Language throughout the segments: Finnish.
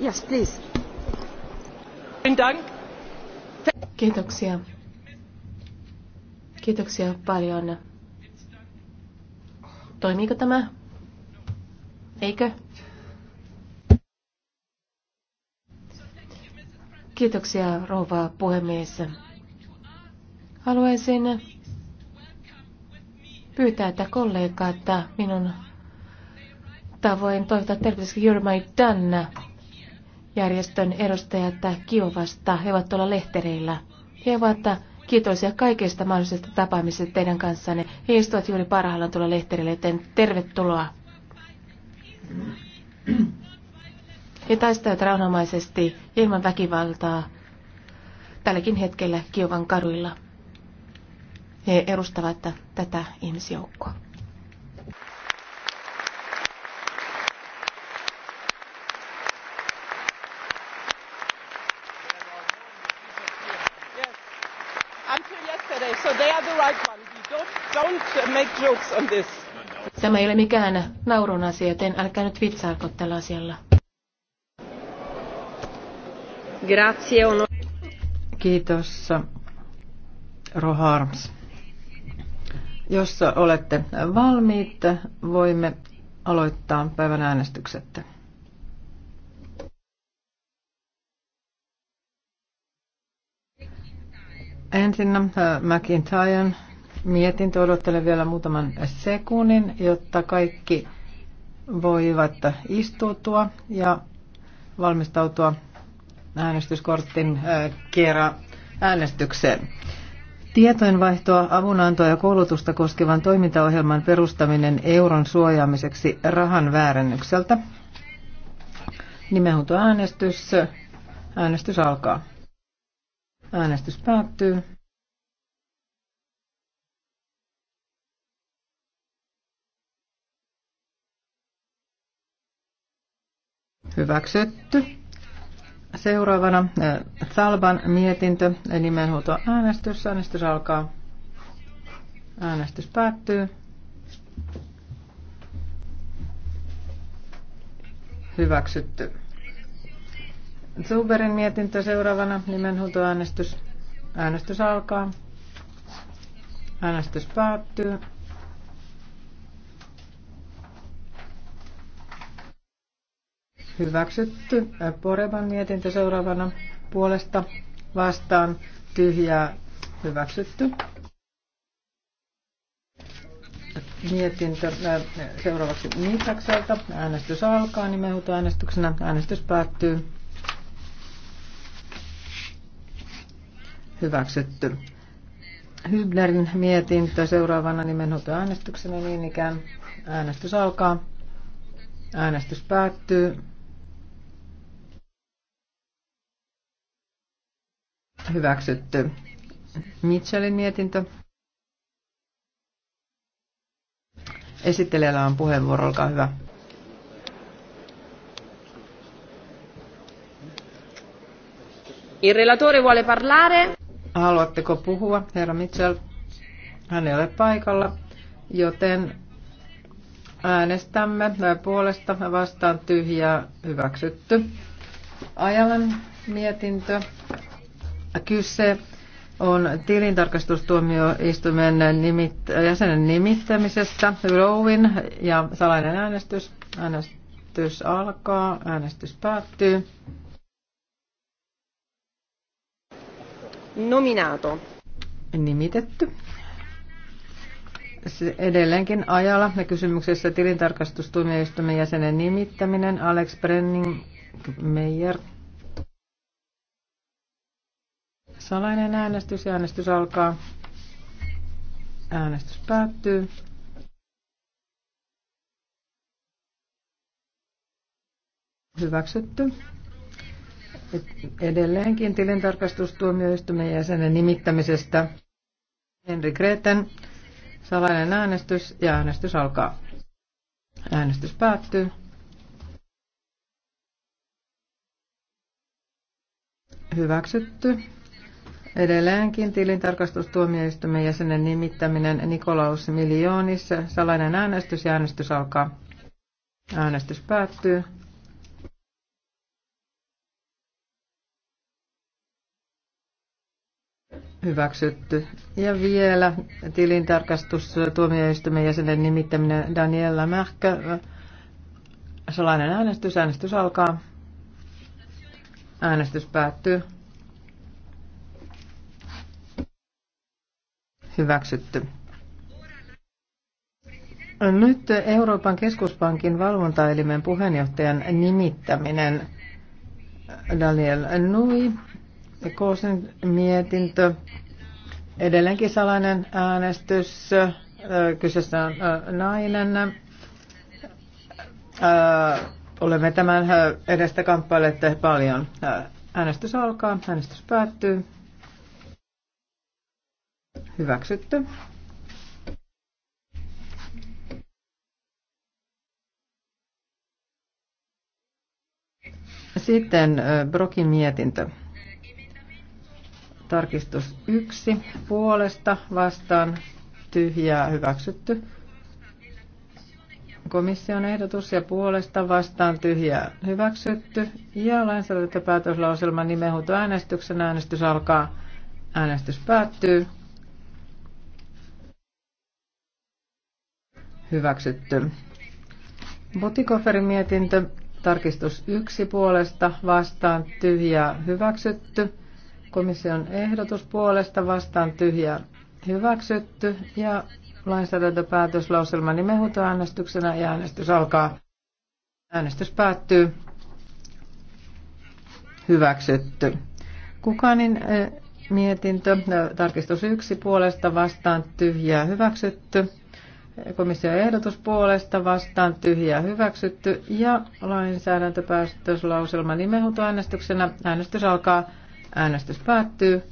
Yes, please. Kiitoksia. Kiitoksia paljon. Toimiiko tämä? Eikö? Kiitoksia, rouva puhemies. Haluaisin pyytää, että kollegat minun tavoin toivottaa tervetuloa You're My järjestön edustajat Kiovasta. He ovat tuolla lehtereillä. He ovat kiitollisia kaikista mahdollisista tapaamisista teidän kanssanne. He istuvat juuri parhaillaan tuolla lehtereillä, joten tervetuloa. He taistelevat rauhanomaisesti ilman väkivaltaa tälläkin hetkellä Kiovan kaduilla. He edustavat tätä ihmisjoukkoa. jokes on this. Tämä ei ole mikään naurun asia, joten älkää nyt vitsailko tällä asialla. Grazie. Kiitos, Roharms. Jos olette valmiit, voimme aloittaa päivän äänestykset. Ensinnä äh, McIntyren mietintö. Odottelen vielä muutaman sekunnin, jotta kaikki voivat istuutua ja valmistautua äänestyskortin kera äänestykseen. Tietojenvaihtoa, avunantoa ja koulutusta koskevan toimintaohjelman perustaminen euron suojaamiseksi rahan väärennykseltä. Nimenhuuto äänestys. Äänestys alkaa. Äänestys päättyy. Hyväksytty. Seuraavana Salban äh, mietintö, nimenhuuto äänestys. Äänestys alkaa. Äänestys päättyy. Hyväksytty. Zuberin mietintö seuraavana, nimenhuutoäänestys. Äänestys alkaa. Äänestys päättyy. hyväksytty. Poreman mietintö seuraavana puolesta vastaan tyhjää hyväksytty. Mietintö seuraavaksi Niitsakselta. Äänestys alkaa nimenhuutoäänestyksenä. Äänestys päättyy. Hyväksytty. Hybnerin mietintö seuraavana nimenhuutoäänestyksenä niin ikään. Äänestys alkaa. Äänestys päättyy. hyväksytty. Mitchellin mietintö. Esittelijällä on puheenvuoro, olkaa hyvä. Il relatore vuole parlare. Haluatteko puhua, herra Mitchell? Hän ei ole paikalla, joten äänestämme puolesta vastaan tyhjää hyväksytty. Ajalan mietintö. Kyse on tilintarkastustuomioistuimen nimit- jäsenen nimittämisestä. Rowin ja salainen äänestys. Äänestys alkaa, äänestys päättyy. Nominato. Nimitetty. Se edelleenkin ajalla ja kysymyksessä tilintarkastustuomioistuimen jäsenen nimittäminen Alex Brenning Meyer Salainen äänestys. Äänestys alkaa. Äänestys päättyy. Hyväksytty. Edelleenkin tilintarkastustuomioistuimen jäsenen nimittämisestä. Henri Greten. Salainen äänestys ja äänestys alkaa. Äänestys päättyy. Hyväksytty. Edelleenkin tilintarkastustuomioistuimen jäsenen nimittäminen Nikolaus Miljoonissa. Salainen äänestys ja äänestys alkaa. Äänestys päättyy. Hyväksytty. Ja vielä tilintarkastustuomioistuimen jäsenen nimittäminen Daniela Mähkö. Salainen äänestys. Äänestys alkaa. Äänestys päättyy. hyväksytty. Nyt Euroopan keskuspankin valvontaelimen puheenjohtajan nimittäminen. Daniel Nui, Koosen mietintö, edelleenkin salainen äänestys, kyseessä on nainen. Olemme tämän edestä kamppailleet paljon. Äänestys alkaa, äänestys päättyy. Hyväksytty. Sitten Brokin mietintö. Tarkistus 1. Puolesta vastaan tyhjää hyväksytty. Komission ehdotus ja puolesta vastaan tyhjää hyväksytty. Ja lainsäädäntöpäätöslauselman nimenhuutoäänestyksen äänestys alkaa. Äänestys päättyy. hyväksytty. Botikoferin mietintö, tarkistus yksi puolesta vastaan tyhjää hyväksytty. Komission ehdotus puolesta vastaan tyhjää hyväksytty ja lainsäädäntöpäätöslauselma äänestyksenä ja äänestys alkaa. Äänestys päättyy. Hyväksytty. Kukanin eh, mietintö, eh, tarkistus yksi puolesta vastaan tyhjää hyväksytty. Komission ehdotus puolesta vastaan tyhjää hyväksytty ja lainsäädäntöpäätöslauselma nimenhuutoäänestyksenä. Äänestys alkaa. Äänestys päättyy.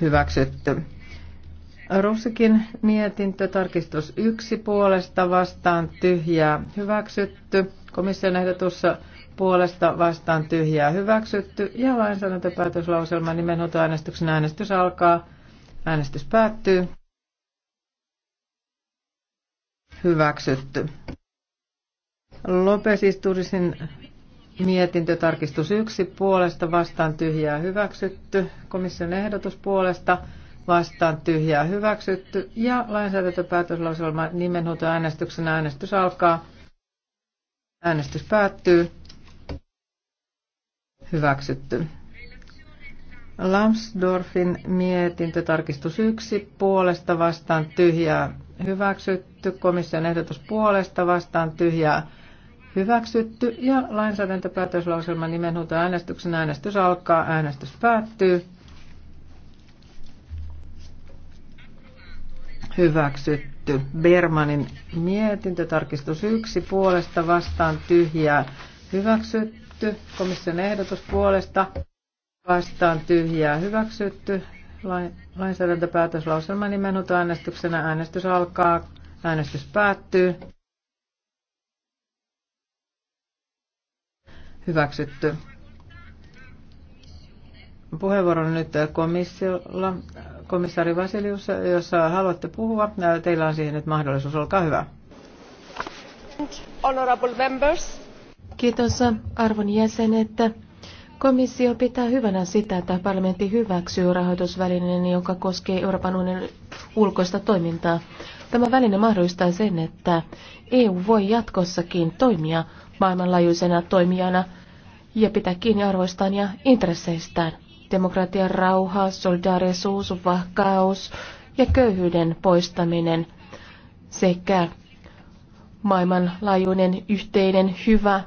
Hyväksytty. Russikin mietintö tarkistus yksi puolesta vastaan tyhjää hyväksytty. Komission ehdotussa puolesta vastaan tyhjää hyväksytty ja lainsäädäntöpäätöslauselma nimenhuutoäänestyksen äänestys alkaa. Äänestys päättyy. Hyväksytty. Lopesisturisin mietintö tarkistus yksi puolesta vastaan tyhjää hyväksytty. Komission ehdotus puolesta vastaan tyhjää hyväksytty. Ja lainsäädäntöpäätöslauselma nimenhuutoäänestyksen äänestys alkaa. Äänestys päättyy. Hyväksytty. Lamsdorfin mietintö tarkistus yksi puolesta vastaan tyhjää hyväksytty, komission ehdotus puolesta vastaan tyhjää hyväksytty ja lainsäädäntöpäätöslauselman nimenhuuto äänestyksen äänestys alkaa, äänestys päättyy. Hyväksytty. Bermanin mietintö tarkistus yksi puolesta vastaan tyhjää hyväksytty, komission ehdotus puolesta vastaan tyhjää hyväksytty. Lainsäädäntöpäätöslauselma nimenhuuto äänestyksenä. Äänestys alkaa. Äänestys päättyy. Hyväksytty. on nyt komissiolla. Komissaari Vasilius, jos haluatte puhua, teillä on siihen nyt mahdollisuus. Olkaa hyvä. Kiitos arvon jäsenet. Komissio pitää hyvänä sitä, että parlamentti hyväksyy rahoitusvälineen, joka koskee Euroopan unionin ulkoista toimintaa. Tämä väline mahdollistaa sen, että EU voi jatkossakin toimia maailmanlaajuisena toimijana ja pitää kiinni arvoistaan ja intresseistään. Demokratian rauha, solidaarisuus, vakaus ja köyhyyden poistaminen sekä maailmanlaajuinen yhteinen hyvä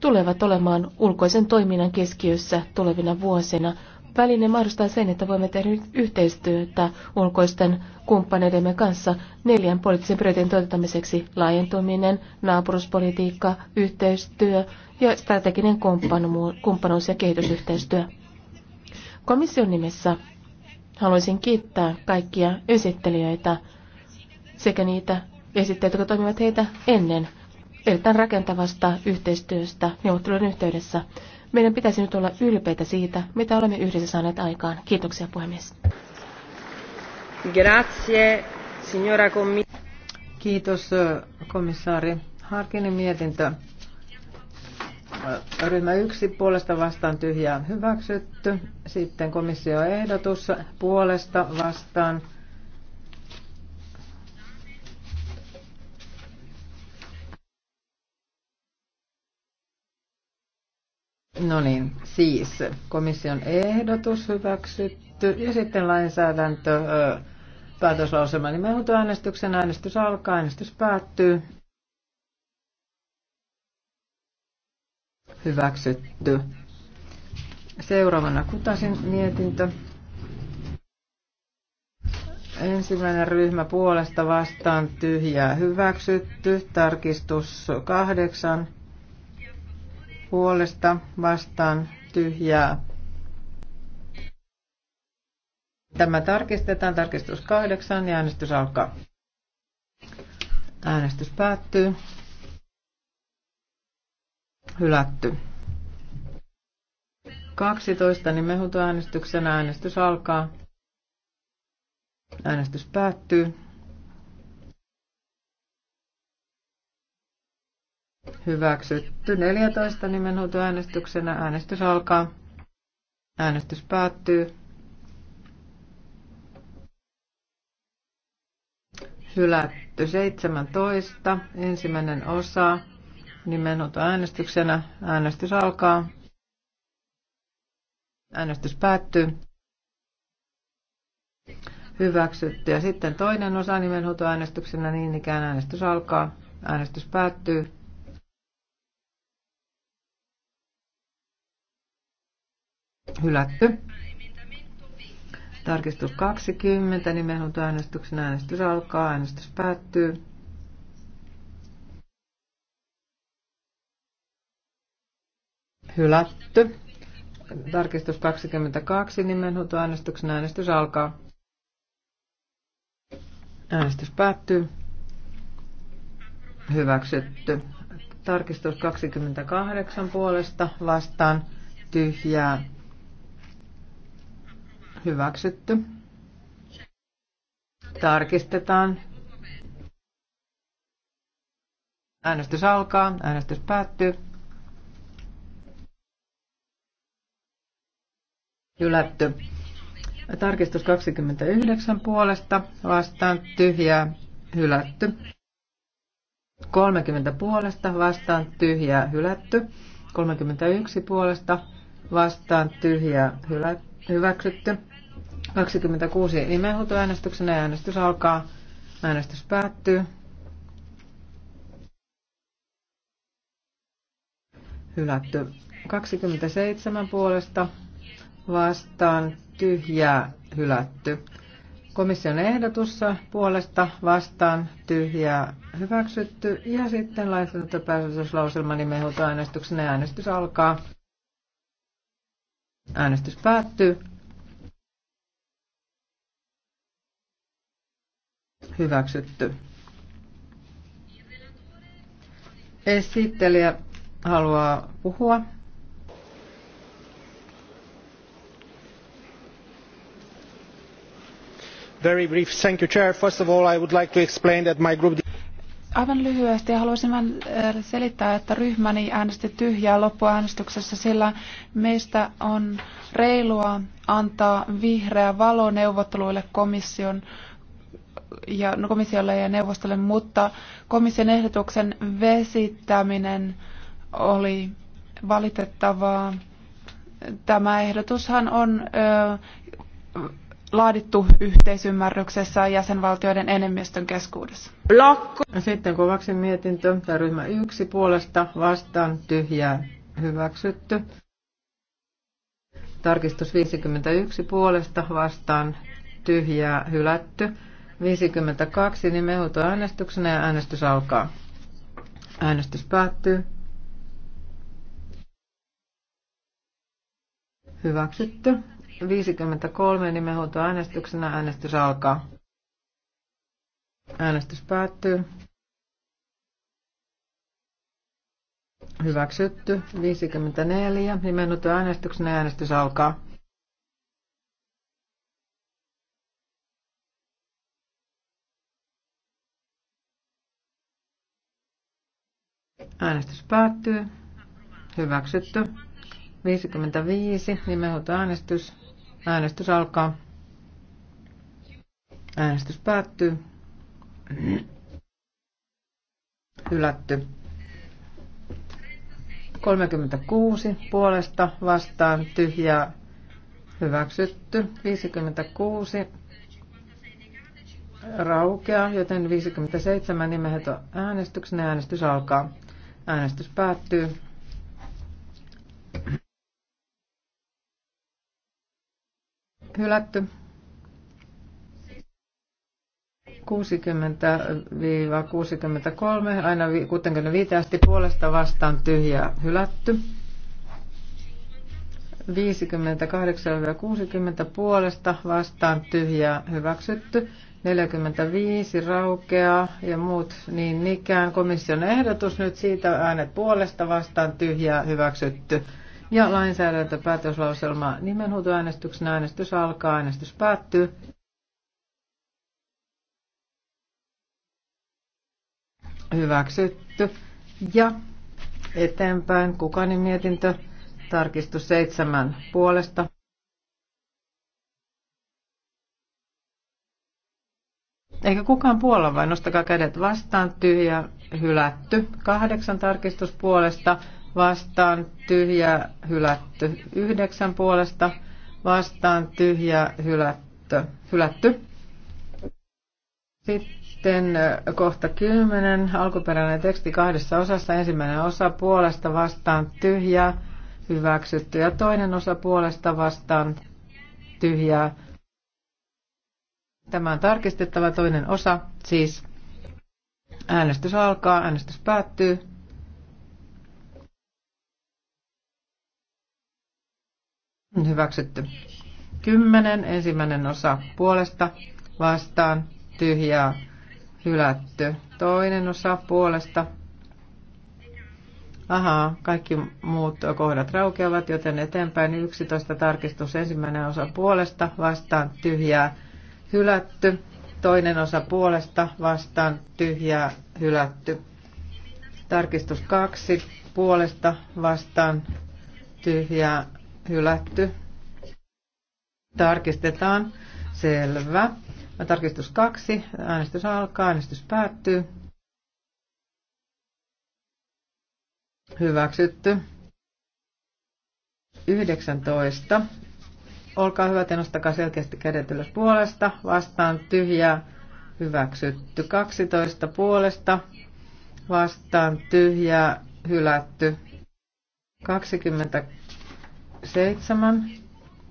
tulevat olemaan ulkoisen toiminnan keskiössä tulevina vuosina. Väline mahdollistaa sen, että voimme tehdä yhteistyötä ulkoisten kumppaneidemme kanssa neljän poliittisen prioriteetin toteuttamiseksi laajentuminen, naapuruspolitiikka, yhteistyö ja strateginen kumppanuus ja kehitysyhteistyö. Komission nimessä haluaisin kiittää kaikkia esittelijöitä sekä niitä esittelijöitä, jotka toimivat heitä ennen erittäin rakentavasta yhteistyöstä neuvottelujen yhteydessä. Meidän pitäisi nyt olla ylpeitä siitä, mitä olemme yhdessä saaneet aikaan. Kiitoksia puhemies. Grazie, signora commi- Kiitos komissaari Harkinin mietintö. Ryhmä yksi puolesta vastaan tyhjää hyväksytty. Sitten komissio ehdotus puolesta vastaan No niin, siis komission ehdotus hyväksytty ja sitten lainsäädäntö, päätöslauselma äänestyksen. äänestys alkaa, äänestys päättyy. Hyväksytty. Seuraavana Kutasin mietintö. Ensimmäinen ryhmä puolesta vastaan tyhjää hyväksytty. Tarkistus kahdeksan puolesta vastaan tyhjää. Tämä tarkistetaan. Tarkistus kahdeksan ja äänestys alkaa. Äänestys päättyy. Hylätty. 12 nimenhuutoäänestyksen äänestys alkaa. Äänestys päättyy. Hyväksytty 14 äänestyksenä. Äänestys alkaa. Äänestys päättyy. Hylätty 17. Ensimmäinen osa äänestyksenä. Äänestys alkaa. Äänestys päättyy. Hyväksytty. Ja sitten toinen osa äänestyksenä. Niin ikään äänestys alkaa. Äänestys päättyy. Hylätty. Tarkistus 20, äänestyksen äänestys alkaa, äänestys päättyy. Hylätty. Tarkistus 22, äänestyksen äänestys alkaa. Äänestys päättyy. Hyväksytty. Tarkistus 28 puolesta vastaan tyhjää Hyväksytty. Tarkistetaan. Äänestys alkaa. Äänestys päättyy. Hylätty. Tarkistus 29 puolesta vastaan tyhjää hylätty. 30 puolesta vastaan tyhjää hylätty. 31 puolesta vastaan tyhjää hylätty hyväksytty. 26 ja äänestys alkaa. Äänestys päättyy. Hylätty 27 puolesta vastaan tyhjää hylätty. Komission ehdotussa puolesta vastaan tyhjää hyväksytty ja sitten laitettu lainsäädäntöpäätöslauselma nimenhuutoäänestyksen äänestys alkaa. Äänestys päättyy. hyväksytty. Esittelijä haluaa puhua. Very brief. Thank you, Chair. First of all, I would like to explain that my group... Aivan lyhyesti haluaisin vain äh, selittää, että ryhmäni äänesti tyhjää loppuäänestyksessä, sillä meistä on reilua antaa vihreä valo neuvotteluille komission ja no, komissiolle ja neuvostolle, mutta komission ehdotuksen vesittäminen oli valitettavaa. Tämä ehdotushan on ö, laadittu yhteisymmärryksessä jäsenvaltioiden enemmistön keskuudessa. Blokko. Sitten kovaksi mietintö Tämä ryhmä yksi puolesta vastaan tyhjää hyväksytty. Tarkistus 51 puolesta vastaan tyhjää hylätty. 52 nimenhuuto niin äänestyksenä ja äänestys alkaa. Äänestys päättyy. Hyväksytty. 53 niin nimenhuuto äänestyksenä äänestys alkaa. Äänestys päättyy. Hyväksytty. 54. Nimenhuuto niin äänestyksenä äänestys alkaa. Äänestys päättyy. Hyväksytty. 55. Nimenhoito äänestys. Äänestys alkaa. Äänestys päättyy. Hylätty. 36 puolesta vastaan tyhjää hyväksytty. 56 raukea joten 57 nimenhuuto äänestyksen äänestys alkaa. Äänestys päättyy. Hylätty. 60-63, aina 65 asti puolesta vastaan tyhjää hylätty. 58-60 puolesta vastaan tyhjää hyväksytty. 45 raukeaa ja muut niin ikään. Komission ehdotus nyt siitä äänet puolesta vastaan tyhjää hyväksytty. Ja lainsäädäntöpäätöslauselma nimenhuutoäänestyksen äänestys alkaa, äänestys päättyy. Hyväksytty. Ja eteenpäin kukani mietintö, tarkistus seitsemän puolesta Eikä kukaan puolella vain. nostakaa kädet vastaan, tyhjä, hylätty. Kahdeksan tarkistuspuolesta vastaan, tyhjä, hylätty. Yhdeksän puolesta vastaan, tyhjä, hylätty. hylätty. Sitten kohta kymmenen alkuperäinen teksti kahdessa osassa. Ensimmäinen osa puolesta vastaan, tyhjä, hyväksytty. Ja toinen osa puolesta vastaan, tyhjää, Tämä on tarkistettava toinen osa, siis äänestys alkaa, äänestys päättyy. Hyväksytty. Kymmenen ensimmäinen osa puolesta vastaan tyhjää hylätty. Toinen osa puolesta. Ahaa, kaikki muut kohdat raukeavat, joten eteenpäin 11 tarkistus ensimmäinen osa puolesta vastaan tyhjää hylätty. Toinen osa puolesta vastaan tyhjää hylätty. Tarkistus kaksi puolesta vastaan tyhjää hylätty. Tarkistetaan. Selvä. Tarkistus kaksi. Äänestys alkaa. Äänestys päättyy. Hyväksytty. 19 Olkaa hyvä, nostakaa selkeästi kädet ylös puolesta. Vastaan tyhjää. Hyväksytty. 12 puolesta. Vastaan tyhjää. Hylätty. 27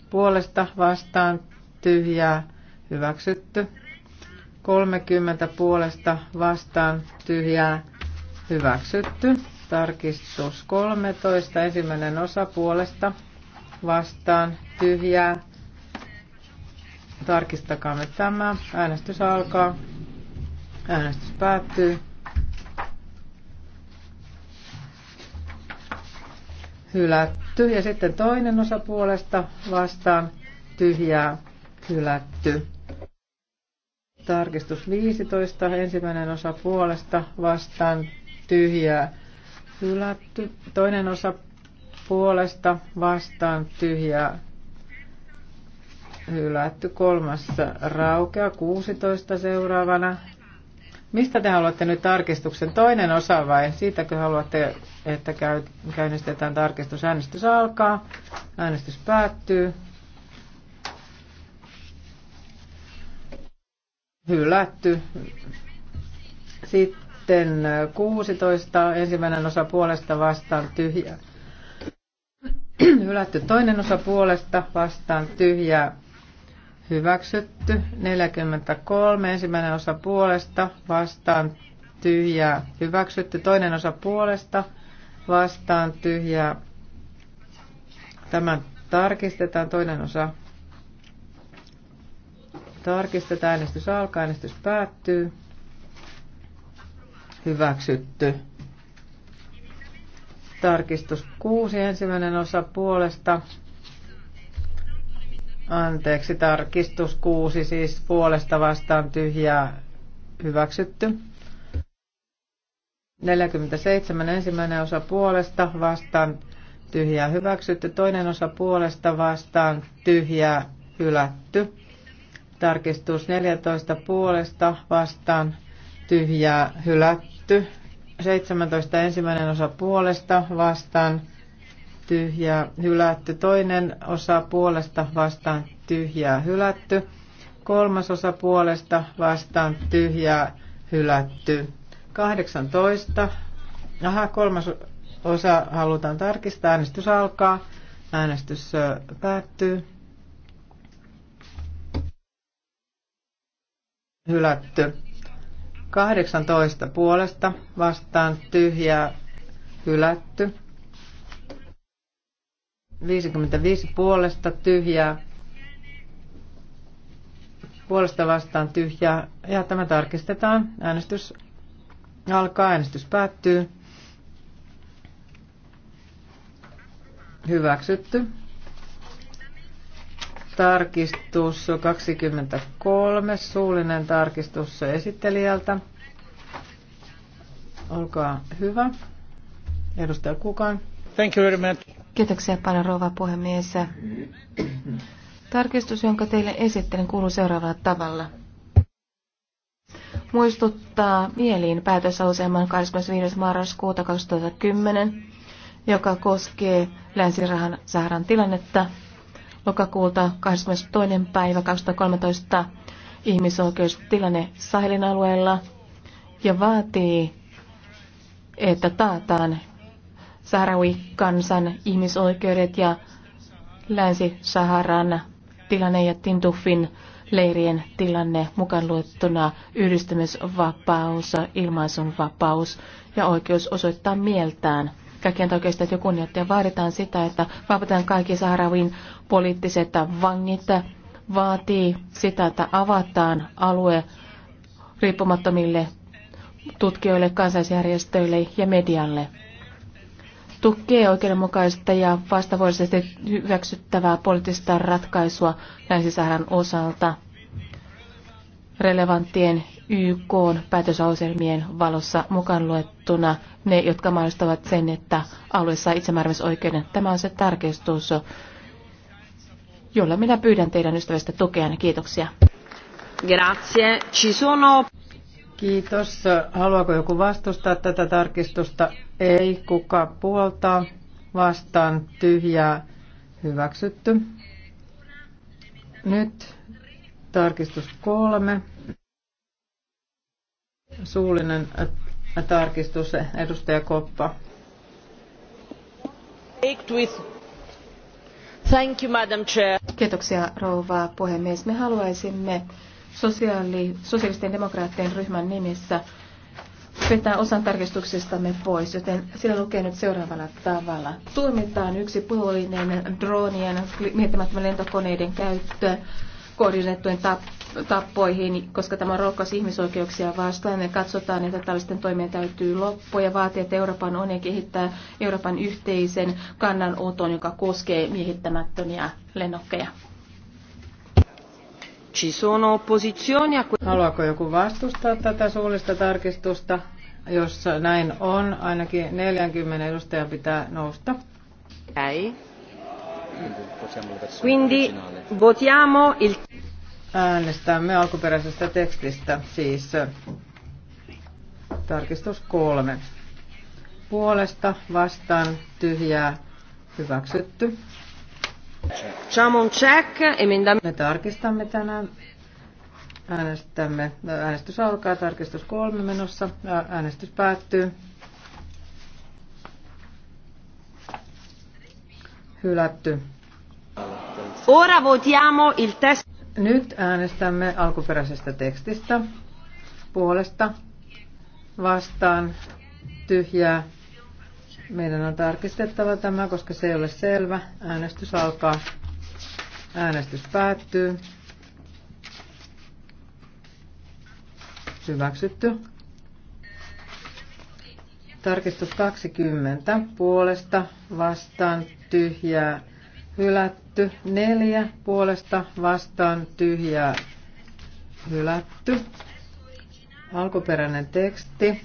puolesta. Vastaan tyhjää. Hyväksytty. 30 puolesta. Vastaan tyhjää. Hyväksytty. Tarkistus 13. Ensimmäinen osa puolesta vastaan tyhjää. Tarkistakaamme tämä. Äänestys alkaa. Äänestys päättyy. Hylätty. Ja sitten toinen osa puolesta vastaan tyhjää hylätty. Tarkistus 15. Ensimmäinen osa puolesta vastaan tyhjää hylätty. Toinen osa puolesta vastaan tyhjää hylätty. Kolmas raukea 16 seuraavana. Mistä te haluatte nyt tarkistuksen? Toinen osa vai? Siitäkö haluatte, että käy, käynnistetään tarkistus? Äänestys alkaa. Äänestys päättyy. Hylätty. Sitten 16. Ensimmäinen osa puolesta vastaan tyhjä Hylätty toinen osa puolesta vastaan tyhjää. Hyväksytty 43. Ensimmäinen osa puolesta vastaan tyhjää. Hyväksytty toinen osa puolesta vastaan tyhjää. Tämän tarkistetaan toinen osa. Tarkistetaan äänestys alkaa, äänestys päättyy. Hyväksytty. Tarkistus 6, ensimmäinen osa puolesta. Anteeksi, tarkistus 6, siis puolesta vastaan tyhjää hyväksytty. 47, ensimmäinen osa puolesta vastaan tyhjää hyväksytty, toinen osa puolesta vastaan tyhjää hylätty. Tarkistus 14 puolesta vastaan tyhjää hylätty. 17 ensimmäinen osa puolesta vastaan tyhjää hylätty. Toinen osa puolesta vastaan tyhjää hylätty. Kolmas osa puolesta vastaan tyhjää hylätty. 18. Aha, kolmas osa halutaan tarkistaa. Äänestys alkaa. Äänestys päättyy. Hylätty. 18 puolesta vastaan tyhjää hylätty. 55 puolesta tyhjää. Puolesta vastaan tyhjää. Ja tämä tarkistetaan. Äänestys alkaa. Äänestys päättyy. Hyväksytty. Tarkistus 23, suullinen tarkistus esittelijältä. Olkaa hyvä. Edustaja Kukan. Thank you very much. Kiitoksia paljon rouva puhemies. Tarkistus, jonka teille esittelen, kuuluu seuraavalla tavalla. Muistuttaa mieliin päätösauseman 25. marraskuuta 2010, joka koskee länsirahan saaran tilannetta – lokakuulta 22. päivä 2013 ihmisoikeustilanne Sahelin alueella ja vaatii, että taataan Sahrawi-kansan ihmisoikeudet ja Länsi-Saharan tilanne ja Tintufin leirien tilanne mukaan luettuna yhdistymisvapaus, ilmaisunvapaus ja oikeus osoittaa mieltään kaikkien oikeastaan täytyy kunnioittaa. Vaaditaan sitä, että vapautetaan kaikki Saharavin poliittiset vangit. Vaatii sitä, että avataan alue riippumattomille tutkijoille, kansalaisjärjestöille ja medialle. Tukee oikeudenmukaista ja vastavuoroisesti hyväksyttävää poliittista ratkaisua länsi osalta relevanttien YK päätösauselmien valossa mukaan luettuna ne, jotka mahdollistavat sen, että alue saa itsemääräämisoikeuden. Tämä on se tarkistus, jolla minä pyydän teidän ystävästä tukea. Kiitoksia. Grazie. Ci sono... Kiitos. Haluaako joku vastustaa tätä tarkistusta? Ei. Kuka puolta Vastaan. Tyhjää. Hyväksytty. Nyt tarkistus kolme. Suullinen tarkistus, edustaja Koppa. Thank you, Madam Chair. Kiitoksia rouva puhemies. Me haluaisimme sosiaali, sosiaalisten demokraattien ryhmän nimissä vetää osan tarkistuksistamme pois, joten siellä lukee nyt seuraavalla tavalla. Tuomitaan yksipuolinen droonien miettämättömän lentokoneiden käyttö, tap- tappoihin, koska tämä on rohkaisi ihmisoikeuksia vastaan. Me katsotaan, että tällaisten toimien täytyy loppua ja vaatii, että Euroopan on kehittää Euroopan yhteisen kannanoton, joka koskee miehittämättömiä lennokkeja. Ci sono Haluaako joku vastustaa tätä suullista tarkistusta? Jos näin on, ainakin 40 edustajan pitää nousta. Ei. Quindi votiamo il... Äänestämme alkuperäisestä tekstistä, siis tarkistus kolme. Puolesta, vastaan, tyhjää, hyväksytty. check, Me tarkistamme tänään. Äänestämme. Äänestys alkaa, tarkistus kolme menossa. Äänestys päättyy. Hylätty. Ora votiamo il test. Nyt äänestämme alkuperäisestä tekstistä puolesta vastaan tyhjää. Meidän on tarkistettava tämä, koska se ei ole selvä. Äänestys alkaa. Äänestys päättyy. Hyväksytty. Tarkistus 20. Puolesta vastaan tyhjää hylätty. Neljä puolesta vastaan tyhjää hylätty. Alkuperäinen teksti.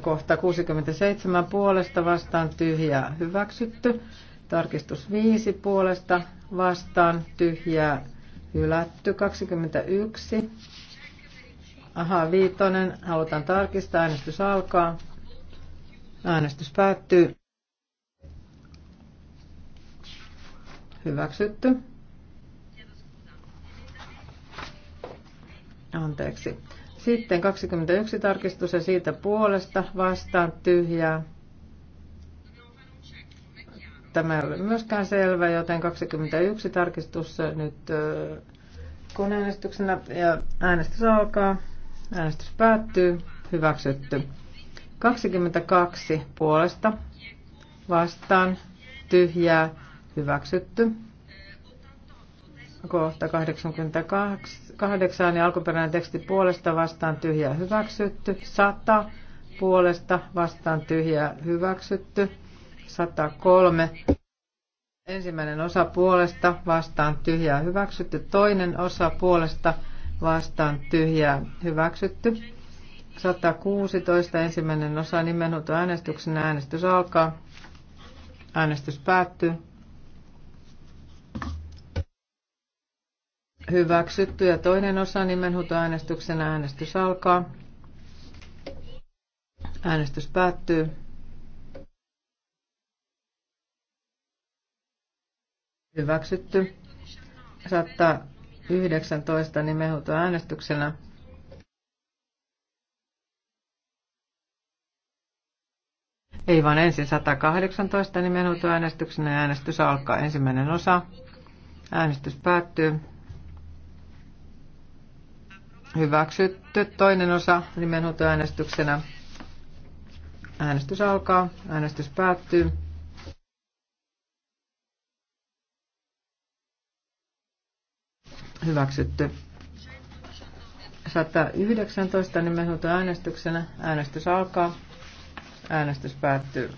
Kohta 67 puolesta vastaan tyhjää hyväksytty. Tarkistus 5 puolesta vastaan tyhjää hylätty. 21. Aha, viitonen. Halutaan tarkistaa. Äänestys alkaa. Äänestys päättyy. Hyväksytty. Anteeksi. Sitten 21 tarkistus ja siitä puolesta vastaan tyhjää. Tämä ei ole myöskään selvä, joten 21 tarkistus nyt äänestyksenä ja äänestys alkaa. Äänestys päättyy. Hyväksytty. 22 puolesta vastaan tyhjää Hyväksytty. Kohta 88 ja alkuperäinen teksti puolesta vastaan tyhjää hyväksytty. 100 puolesta vastaan tyhjää hyväksytty. 103 Ensimmäinen osa puolesta vastaan tyhjää hyväksytty. Toinen osa puolesta vastaan tyhjää hyväksytty. 116. Ensimmäinen osa nimenhuuto äänestyksen äänestys alkaa. Äänestys päättyy. Hyväksytty ja toinen osa nimenhuutoäänestyksen äänestys alkaa. Äänestys päättyy. Hyväksytty. 119 äänestyksenä. Ei vaan ensin 118 äänestyksenä ja äänestys alkaa. Ensimmäinen osa. Äänestys päättyy. Hyväksytty. Toinen osa nimenhuutoäänestyksenä. Äänestys alkaa. Äänestys päättyy. Hyväksytty. 119 nimenhuutoäänestyksenä. Äänestys alkaa. Äänestys päättyy.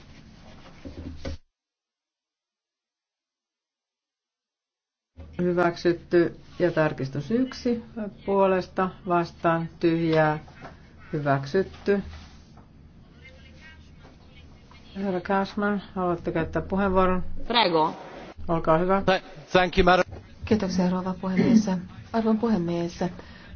hyväksytty ja tarkistus yksi puolesta vastaan tyhjää hyväksytty. Herra Kasman, haluatte käyttää puheenvuoron? Prego. Olkaa hyvä. Thank you, madam. Kiitoksia, rouva puhemies. Arvon puhemies,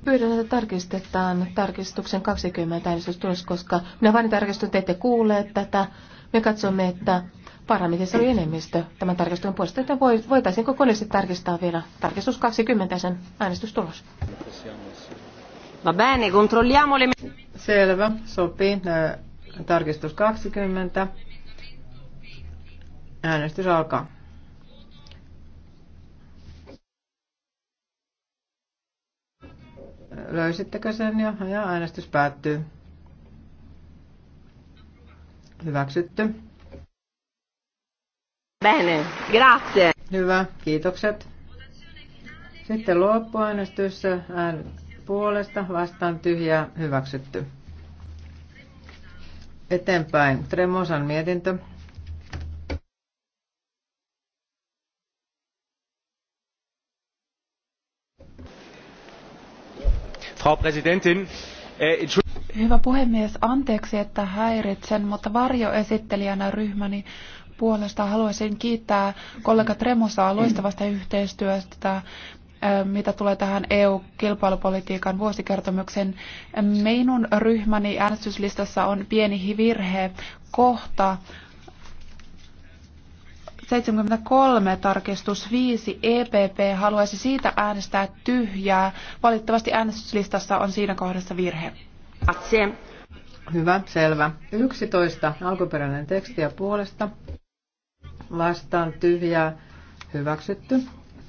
pyydän, että tarkistetaan tarkistuksen 20 äänestystulos, koska minä vain tarkistun, että ette kuulleet tätä. Me katsomme, että Parlamentissa oli enemmistö tämän tarkastelun puolesta, että voitaisiinko koneellisesti tarkistaa vielä tarkistus 20 sen äänestystulos. Va bene, controlliamo le... Selvä, sopii. Tarkistus 20. Äänestys alkaa. Löysittekö sen jo? Ja äänestys päättyy. Hyväksytty. Bene, grazie. Hyvä, kiitokset. Sitten loppuäänestys ään puolesta vastaan tyhjää hyväksytty. Eteenpäin Tremosan mietintö. Frau Präsidentin, äh, Hyvä puhemies, anteeksi, että häiritsen, mutta varjoesittelijänä ryhmäni puolesta haluaisin kiittää kollega Tremosaa loistavasta yhteistyöstä, äh, mitä tulee tähän EU-kilpailupolitiikan vuosikertomuksen. Minun ryhmäni äänestyslistassa on pieni virhe kohta. 73 tarkistus 5 EPP haluaisi siitä äänestää tyhjää. Valitettavasti äänestyslistassa on siinä kohdassa virhe. Hyvä, selvä. 11 alkuperäinen tekstiä puolesta vastaan tyhjää hyväksytty.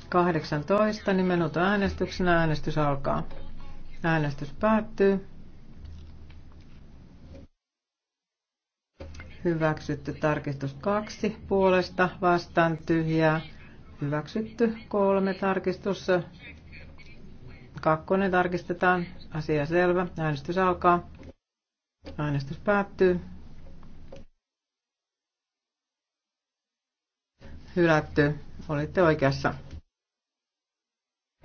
18 nimenhuuto niin äänestyksenä. Äänestys alkaa. Äänestys päättyy. Hyväksytty tarkistus 2 puolesta vastaan tyhjää. Hyväksytty kolme tarkistus. Kakkonen tarkistetaan. Asia selvä. Äänestys alkaa. Äänestys päättyy. hylätty. Olitte oikeassa.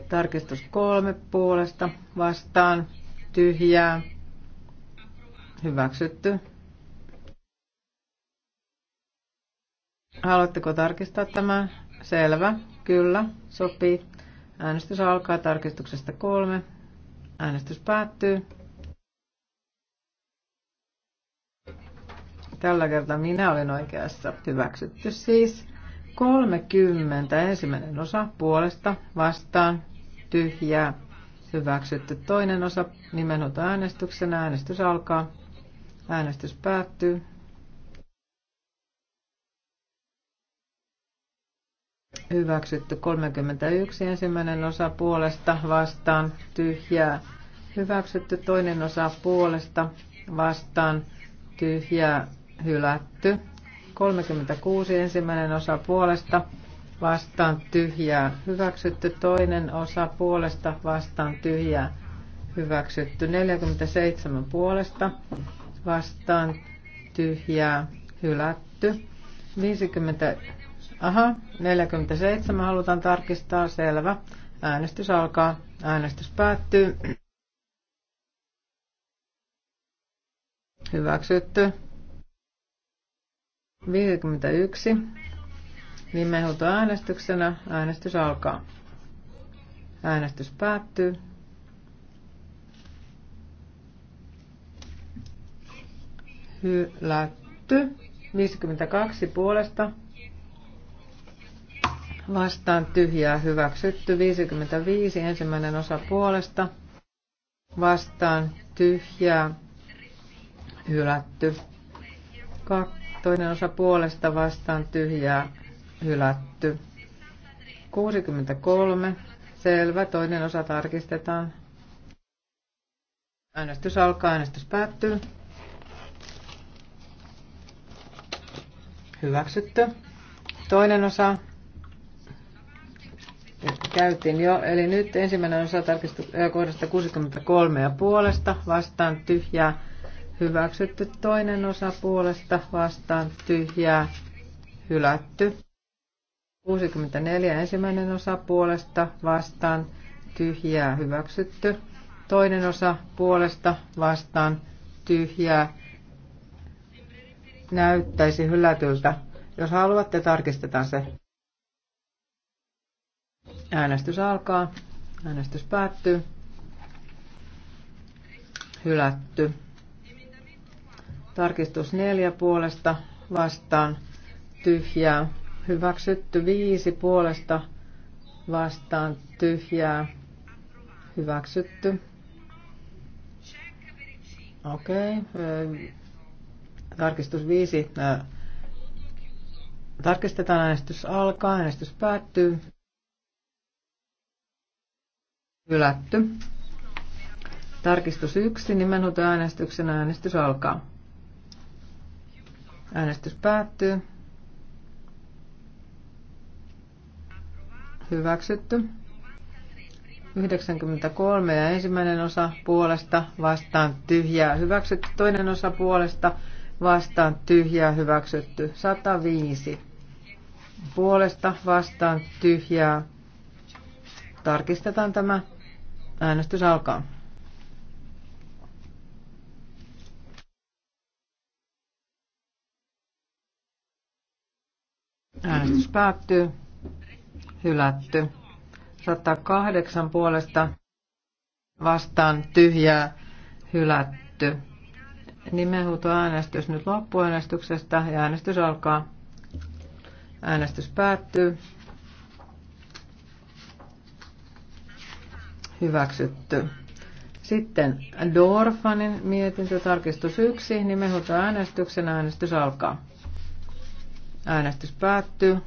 Tarkistus kolme puolesta vastaan. Tyhjää. Hyväksytty. Haluatteko tarkistaa tämän? Selvä. Kyllä. Sopii. Äänestys alkaa tarkistuksesta kolme. Äänestys päättyy. Tällä kertaa minä olin oikeassa. Hyväksytty siis. 30. Ensimmäinen osa puolesta vastaan tyhjää hyväksytty. Toinen osa nimenhuuto äänestyksen. Äänestys alkaa. Äänestys päättyy. Hyväksytty 31. Ensimmäinen osa puolesta vastaan tyhjää. Hyväksytty toinen osa puolesta vastaan tyhjää hylätty. 36 ensimmäinen osa puolesta vastaan tyhjää hyväksytty, toinen osa puolesta vastaan tyhjää hyväksytty, 47 puolesta vastaan tyhjää hylätty, 50, aha, 47 halutaan tarkistaa, selvä, äänestys alkaa, äänestys päättyy, hyväksytty, 51. Nimenhuuto äänestyksenä. Äänestys alkaa. Äänestys päättyy. Hylätty. 52 puolesta. Vastaan tyhjää hyväksytty. 55 ensimmäinen osa puolesta. Vastaan tyhjää hylätty. 2 Toinen osa puolesta vastaan tyhjää hylätty. 63. Selvä. Toinen osa tarkistetaan. Äänestys alkaa. Äänestys päättyy. Hyväksytty. Toinen osa käytiin jo. Eli nyt ensimmäinen osa tarkistu, kohdasta 63 ja puolesta vastaan tyhjää hyväksytty toinen osa puolesta vastaan tyhjää hylätty. 64 ensimmäinen osa puolesta vastaan tyhjää hyväksytty. Toinen osa puolesta vastaan tyhjää näyttäisi hylätyltä. Jos haluatte, tarkistetaan se. Äänestys alkaa. Äänestys päättyy. Hylätty. Tarkistus neljä puolesta vastaan tyhjää. Hyväksytty viisi puolesta vastaan tyhjää. Hyväksytty. Okei. Okay. Tarkistus viisi. Tarkistetaan äänestys alkaa, äänestys päättyy. Hylätty. Tarkistus yksi 1, äänestyksen äänestys alkaa. Äänestys päättyy. Hyväksytty. 93 ja ensimmäinen osa puolesta vastaan tyhjää hyväksytty. Toinen osa puolesta vastaan tyhjää hyväksytty. 105 puolesta vastaan tyhjää. Tarkistetaan tämä. Äänestys alkaa. Äänestys päättyy. Hylätty. 108 puolesta vastaan tyhjää hylätty. äänestys nyt loppuäänestyksestä ja äänestys alkaa. Äänestys päättyy. Hyväksytty. Sitten Dorfanin mietintö, tarkistus 1, äänestyksen äänestys alkaa. Äänestys päättyy.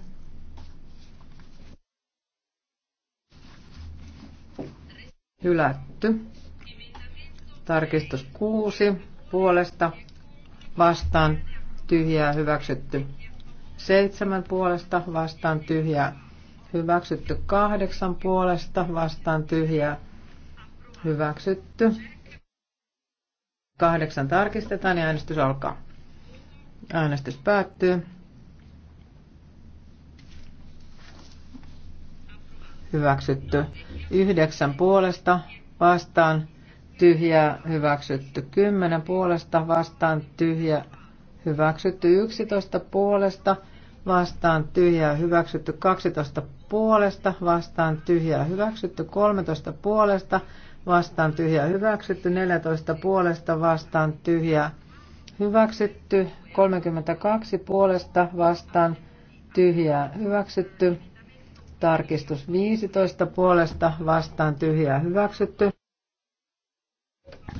Hylätty. Tarkistus 6 puolesta vastaan tyhjää hyväksytty. 7 puolesta vastaan tyhjää hyväksytty. 8 puolesta vastaan tyhjää hyväksytty. 8 tarkistetaan ja äänestys alkaa. Äänestys päättyy. hyväksytty. Yhdeksän puolesta vastaan tyhjää hyväksytty. Kymmenen puolesta vastaan tyhjä hyväksytty. Yksitoista puolesta vastaan tyhjää hyväksytty. Kaksitoista puolesta vastaan tyhjää hyväksytty. Kolmetoista puolesta vastaan tyhjää hyväksytty. Neljätoista puolesta vastaan tyhjää hyväksytty. 32 puolesta vastaan tyhjää hyväksytty. Tarkistus 15 puolesta vastaan tyhjää hyväksytty.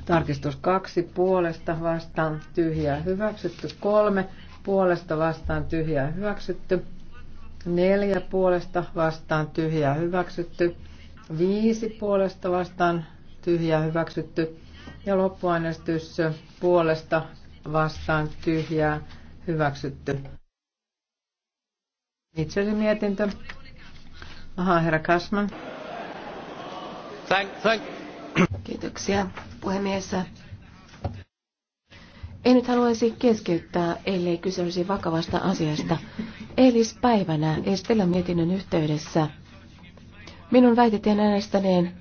Tarkistus 2 puolesta vastaan tyhjää hyväksytty. 3 puolesta vastaan tyhjää hyväksytty. 4 puolesta vastaan tyhjää hyväksytty. 5 puolesta vastaan tyhjää hyväksytty. Ja loppuainestys puolesta vastaan tyhjää hyväksytty. asiassa mietintö Aha, herra Kasman. Thank, thank. Kiitoksia, puhemies. En nyt haluaisi keskeyttää, ellei kyse olisi vakavasta asiasta. Eilispäivänä Estellä mietinnön yhteydessä minun väitettiin äänestäneen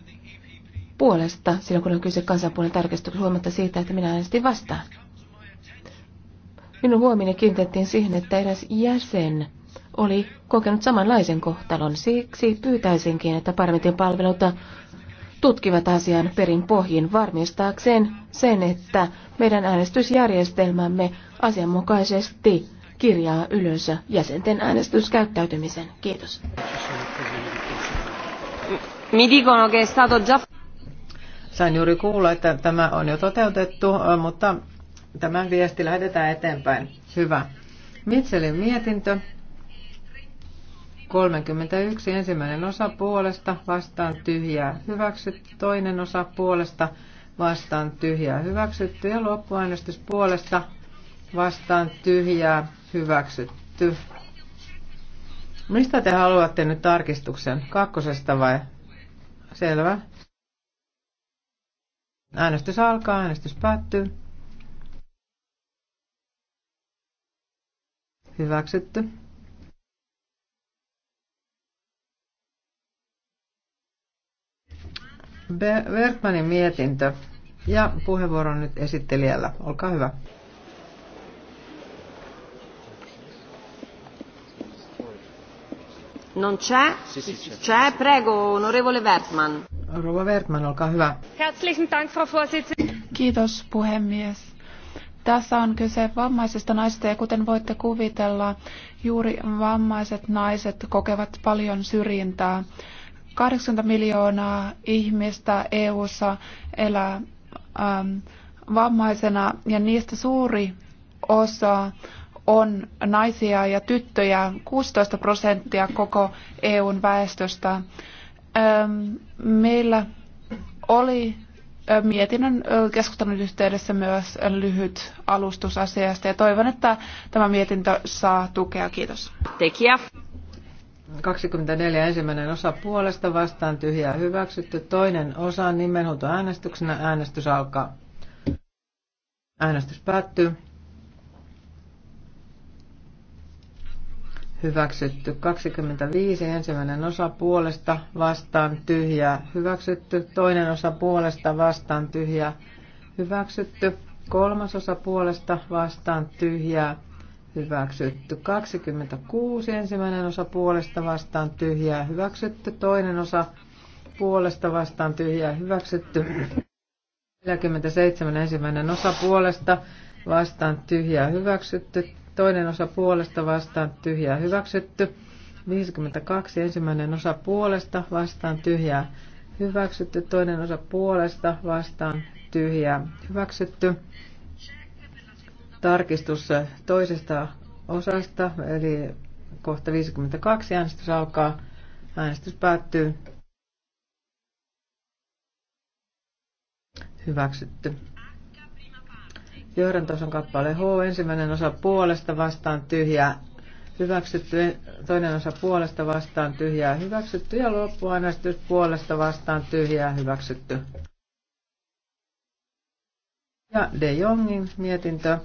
puolesta silloin, kun on kyse kansanpuolen tarkistuksesta huomatta siitä, että minä äänestin vastaan. Minun huomioni kiinnitettiin siihen, että eräs jäsen oli kokenut samanlaisen kohtalon. Siksi pyytäisinkin, että parvetin palveluita tutkivat asian perin pohjin varmistaakseen sen, että meidän äänestysjärjestelmämme asianmukaisesti kirjaa ylös jäsenten äänestyskäyttäytymisen. Kiitos. Mi dicono che è stato già... Sain juuri kuulla, että tämä on jo toteutettu, mutta tämä viesti lähetetään eteenpäin. Hyvä. Mitselin mietintö. 31 ensimmäinen osa puolesta vastaan tyhjää hyväksytty, toinen osa puolesta vastaan tyhjää hyväksytty ja loppuäänestys puolesta vastaan tyhjää hyväksytty. Mistä te haluatte nyt tarkistuksen? Kakkosesta vai? Selvä. Äänestys alkaa, äänestys päättyy. Hyväksytty. Bergmanin mietintö ja on nyt esittelijällä. Olkaa hyvä. Non c'è? C'è, prego, onorevole Wertmann. Rouva Wertmann, olkaa hyvä. Herzlichen Dank, Frau Vorsitzende. Kiitos, puhemies. Tässä on kyse vammaisista naisista ja kuten voitte kuvitella, juuri vammaiset naiset kokevat paljon syrjintää. 80 miljoonaa ihmistä EU:ssa elää ähm, vammaisena ja niistä suuri osa on naisia ja tyttöjä, 16 prosenttia koko EUn väestöstä. Ähm, meillä oli äh, mietinnön äh, keskustelun yhteydessä myös lyhyt alustus asiasta ja toivon, että tämä mietintö saa tukea. Kiitos. Tekijä. 24 ensimmäinen osa puolesta vastaan tyhjää hyväksytty. Toinen osa nimenhuuto äänestyksenä. Äänestys alkaa. Äänestys päättyy. Hyväksytty. 25 ensimmäinen osa puolesta vastaan tyhjää hyväksytty. Toinen osa puolesta vastaan tyhjää hyväksytty. Kolmas osa puolesta vastaan tyhjää hyväksytty. 26 ensimmäinen osa puolesta vastaan tyhjää hyväksytty. Toinen osa puolesta vastaan tyhjää hyväksytty. 47 ensimmäinen osa puolesta vastaan tyhjää hyväksytty. Toinen osa puolesta vastaan tyhjää hyväksytty. 52 ensimmäinen osa puolesta vastaan tyhjää hyväksytty. Toinen osa puolesta vastaan tyhjää hyväksytty. Tarkistus toisesta osasta, eli kohta 52 äänestys alkaa. Äänestys päättyy. Hyväksytty. Johdantoson kappale H, ensimmäinen osa puolesta vastaan tyhjää hyväksytty, toinen osa puolesta vastaan tyhjää hyväksytty ja loppuäänestys puolesta vastaan tyhjää hyväksytty. Ja De Jongin mietintö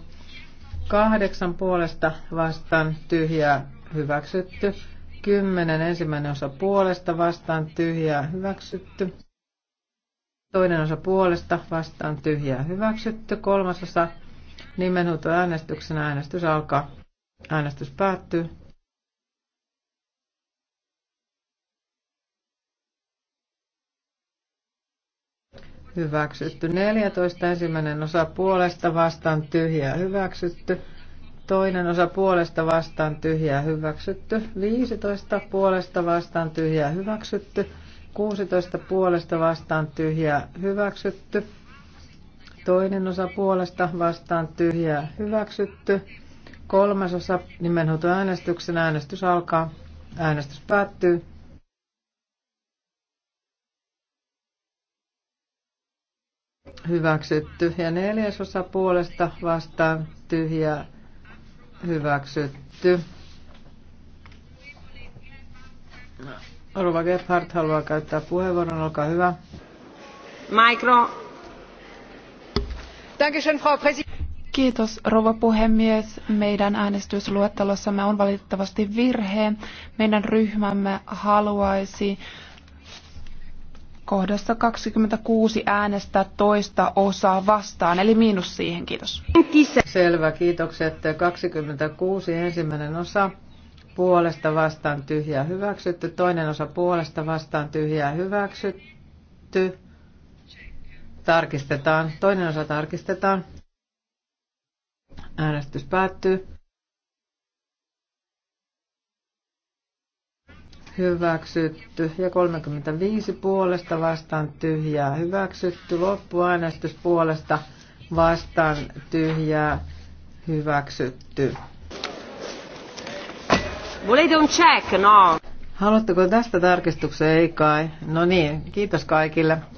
Kahdeksan puolesta vastaan tyhjää hyväksytty. Kymmenen ensimmäinen osa puolesta vastaan tyhjää hyväksytty. Toinen osa puolesta vastaan tyhjää hyväksytty. Kolmas osa nimenhuuto äänestyksenä. Äänestys alkaa. Äänestys päättyy. hyväksytty. 14 ensimmäinen osa puolesta vastaan tyhjää hyväksytty. Toinen osa puolesta vastaan tyhjää hyväksytty. 15 puolesta vastaan tyhjää hyväksytty. 16 puolesta vastaan tyhjää hyväksytty. Toinen osa puolesta vastaan tyhjää hyväksytty. Kolmas osa nimenhoitoäänestyksen äänestys alkaa. Äänestys päättyy. hyväksytty ja neljäsosa puolesta vastaan tyhjä hyväksytty. Rova Gebhardt haluaa käyttää puheenvuoron, olkaa hyvä. Mikro. Kiitos rouva puhemies. Meidän äänestysluettelossamme on valitettavasti virhe. Meidän ryhmämme haluaisi kohdassa 26 äänestää toista osaa vastaan, eli miinus siihen, kiitos. Selvä, kiitokset. 26 ensimmäinen osa puolesta vastaan tyhjää hyväksytty, toinen osa puolesta vastaan tyhjää hyväksytty. Tarkistetaan, toinen osa tarkistetaan. Äänestys päättyy. hyväksytty ja 35 puolesta vastaan tyhjää hyväksytty. Loppuäänestys puolesta vastaan tyhjää hyväksytty. Volete un check, no? Haluatteko tästä tarkistuksen? Ei kai. No niin, kiitos kaikille.